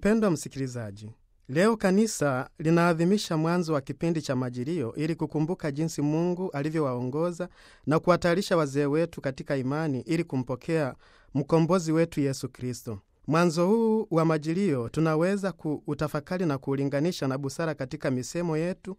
Mpendwa msikilizaji, leo kanisa linaadhimisha mwanzo wa kipindi cha Majilio ili kukumbuka jinsi Mungu alivyowaongoza na kuwatayarisha wazee wetu katika imani ili kumpokea mkombozi wetu Yesu Kristo. Mwanzo huu wa Majilio tunaweza kuutafakari na kuulinganisha na busara katika misemo yetu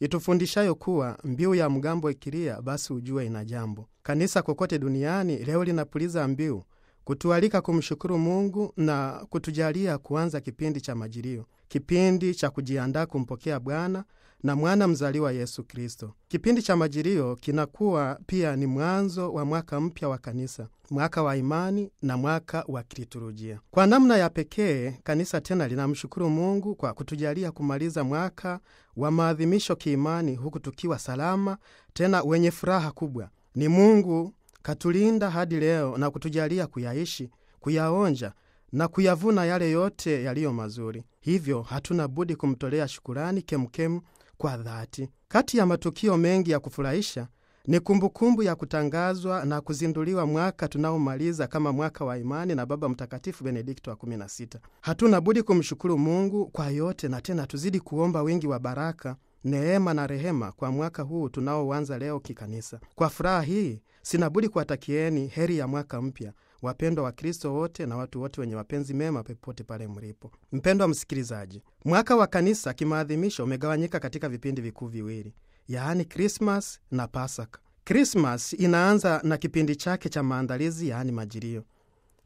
itufundishayo kuwa mbiu ya mgambo ikilia, basi ujue ina jambo. Kanisa kokote duniani leo linapuliza mbiu kutualika kumshukuru Mungu na kutujalia kuanza kipindi cha Majilio, kipindi cha kujiandaa kumpokea Bwana na mwana mzaliwa Yesu Kristo. Kipindi cha Majilio kinakuwa pia ni mwanzo wa mwaka mpya wa kanisa, mwaka wa imani na mwaka wa kiliturujia. Kwa namna ya pekee, kanisa tena linamshukuru Mungu kwa kutujalia kumaliza mwaka wa maadhimisho kiimani, huku tukiwa salama tena wenye furaha kubwa. Ni Mungu katulinda hadi leo na kutujalia kuyaishi, kuyaonja na kuyavuna yale yote yaliyo mazuri. Hivyo hatuna budi kumtolea shukurani kemkemu kwa dhati. Kati ya matukio mengi ya kufurahisha ni kumbukumbu kumbu ya kutangazwa na kuzinduliwa mwaka tunaomaliza kama mwaka wa imani na Baba Mtakatifu Benedikto wa 16. Hatuna budi kumshukuru Mungu kwa yote, na tena tuzidi kuomba wingi wa baraka neema na rehema kwa mwaka huu tunaoanza leo kikanisa. Kwa furaha hii sina budi kuwatakieni heri ya mwaka mpya, wapendwa wa Kristo wote na watu wote wenye mapenzi mema popote pale mlipo. Mpendwa msikilizaji, mwaka wa kanisa kimaadhimisho umegawanyika katika vipindi vikuu viwili, yaani Krismas na Pasaka. Krismas inaanza na kipindi chake cha maandalizi, yaani Majilio,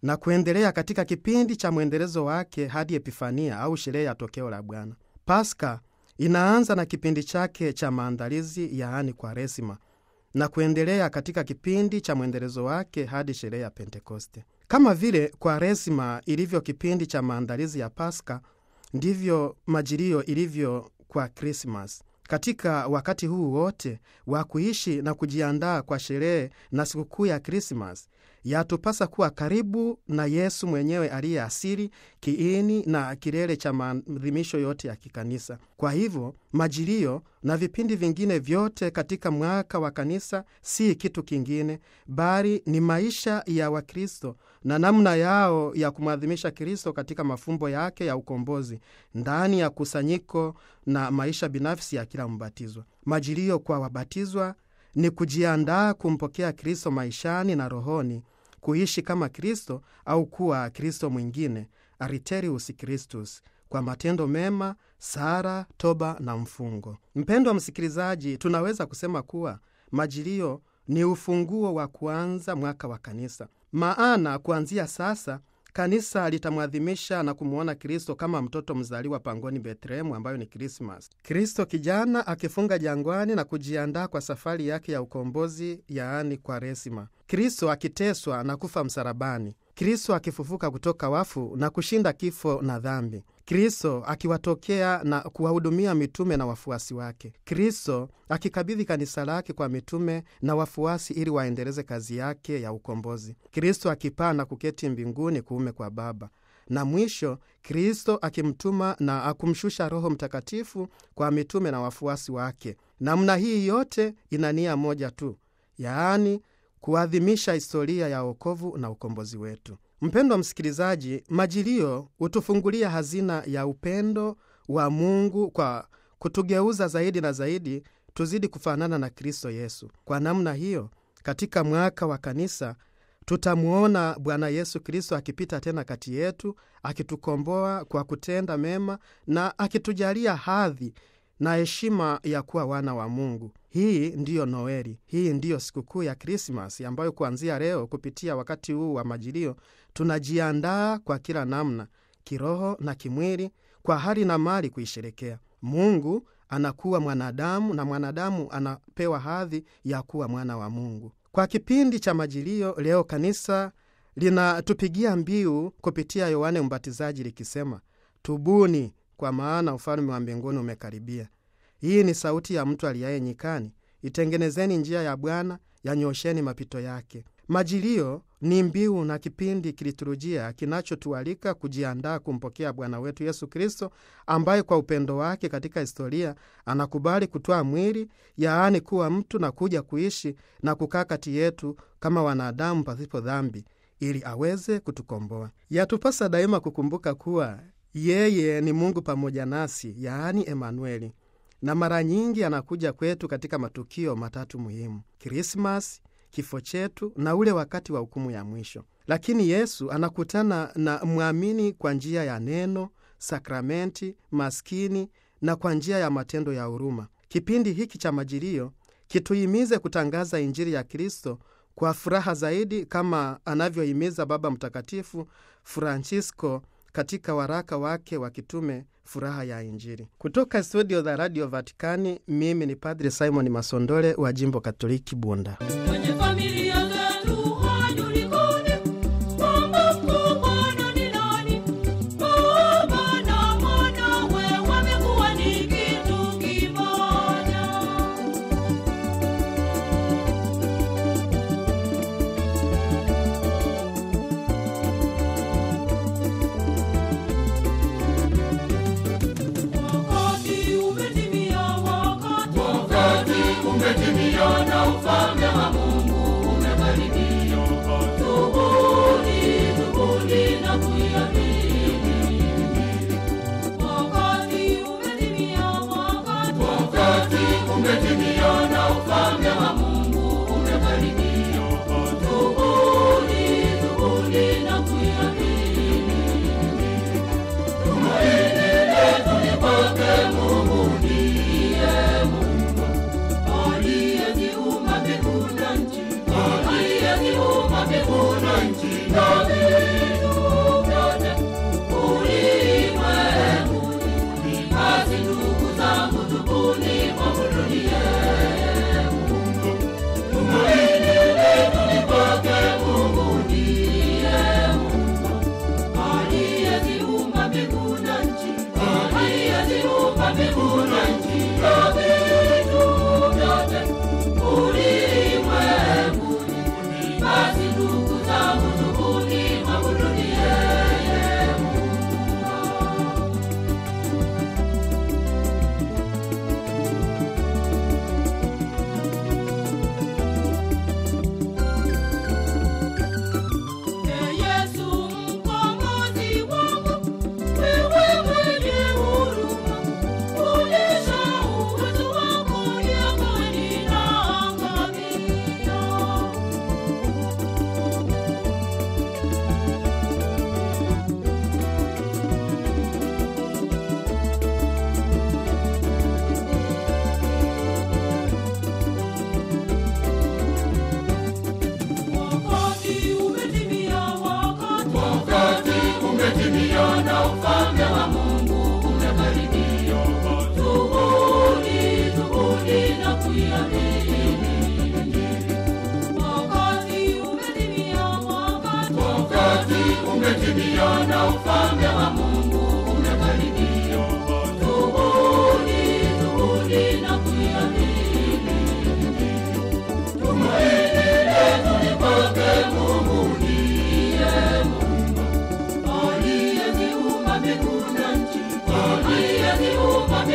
na kuendelea katika kipindi cha mwendelezo wake hadi Epifania au sherehe ya tokeo la Bwana. Paska inaanza na kipindi chake cha maandalizi yaani Kwaresima na kuendelea katika kipindi cha mwendelezo wake hadi sherehe ya Pentekoste. Kama vile Kwaresima ilivyo kipindi cha maandalizi ya paska ndivyo Majilio ilivyo kwa Krismas. Katika wakati huu wote wa kuishi na kujiandaa kwa sherehe na sikukuu ya Krismasi, yatupasa kuwa karibu na Yesu mwenyewe aliye asili, kiini na kilele cha maadhimisho yote ya kikanisa. Kwa hivyo, majilio na vipindi vingine vyote katika mwaka wa kanisa si kitu kingine bali ni maisha ya Wakristo na namna yao ya kumwadhimisha Kristo katika mafumbo yake ya ukombozi ndani ya kusanyiko na maisha binafsi ya kila mbatizwa. Majilio kwa wabatizwa ni kujiandaa kumpokea Kristo maishani na rohoni kuishi kama Kristo au kuwa Kristo mwingine, Ariterius Christus, kwa matendo mema, sara, toba na mfungo. Mpendwa msikilizaji, tunaweza kusema kuwa majilio ni ufunguo wa kuanza mwaka wa kanisa, maana kuanzia sasa Kanisa litamwadhimisha na kumwona Kristo kama mtoto mzaliwa pangoni Betlehemu, ambayo ni Krismas. Kristo kijana akifunga jangwani na kujiandaa kwa safari yake ya ukombozi, yaani Kwaresima. Kristo akiteswa na kufa msalabani. Kristo akifufuka kutoka wafu na kushinda kifo na dhambi. Kristo akiwatokea na kuwahudumia mitume na wafuasi wake. Kristo akikabidhi kanisa lake kwa mitume na wafuasi ili waendeleze kazi yake ya ukombozi. Kristo akipaa na kuketi mbinguni kuume kwa Baba na mwisho Kristo akimtuma na akumshusha Roho Mtakatifu kwa mitume na wafuasi wake. Namna hii yote ina nia moja tu, yaani kuadhimisha historia ya wokovu na ukombozi wetu. Mpendwa msikilizaji, majilio hutufungulia hazina ya upendo wa Mungu kwa kutugeuza zaidi na zaidi tuzidi kufanana na Kristo Yesu. Kwa namna hiyo, katika mwaka wa kanisa tutamwona Bwana Yesu Kristo akipita tena kati yetu, akitukomboa kwa kutenda mema na akitujalia hadhi na heshima ya kuwa wana wa Mungu. Hii ndiyo Noeli, hii ndiyo sikukuu ya Krismasi ambayo kuanzia leo kupitia wakati huu wa majilio tunajiandaa kwa kila namna, kiroho na kimwili, kwa hali na mali kuisherekea. Mungu anakuwa mwanadamu na mwanadamu anapewa hadhi ya kuwa mwana wa Mungu. Kwa kipindi cha majilio leo, kanisa linatupigia mbiu kupitia Yohane Mbatizaji likisema, tubuni kwa maana ufalme wa mbinguni umekaribia. Hii ni sauti ya mtu aliyaye nyikani, itengenezeni njia ya Bwana, yanyosheni mapito yake. Majilio ni mbiu na kipindi kiliturujia kinachotualika kujiandaa kumpokea Bwana wetu Yesu Kristo, ambaye kwa upendo wake katika historia anakubali kutoa mwili, yaani kuwa mtu na kuja kuishi na kukaa kati yetu kama wanadamu pasipo dhambi, ili aweze kutukomboa. Yatupasa daima kukumbuka kuwa yeye ni Mungu pamoja nasi, yaani Emanueli, na mara nyingi anakuja kwetu katika matukio matatu muhimu: Krismas, kifo chetu na ule wakati wa hukumu ya mwisho. Lakini Yesu anakutana na mwamini kwa njia ya neno, sakramenti, maskini na kwa njia ya matendo ya huruma. Kipindi hiki cha Majilio kituhimize kutangaza Injili ya Kristo kwa furaha zaidi, kama anavyohimiza Baba Mtakatifu Francisco katika waraka wake wa kitume Furaha ya Injili. Kutoka studio za Radio Vatikani, mimi ni Padre Simon Masondole wa Jimbo Katoliki Bunda.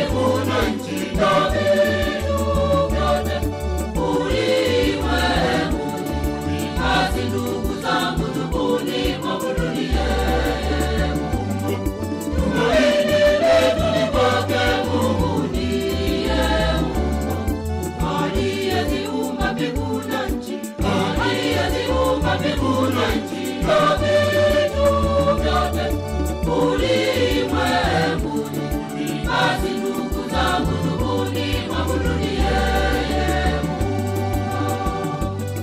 mbinguni kuna nchi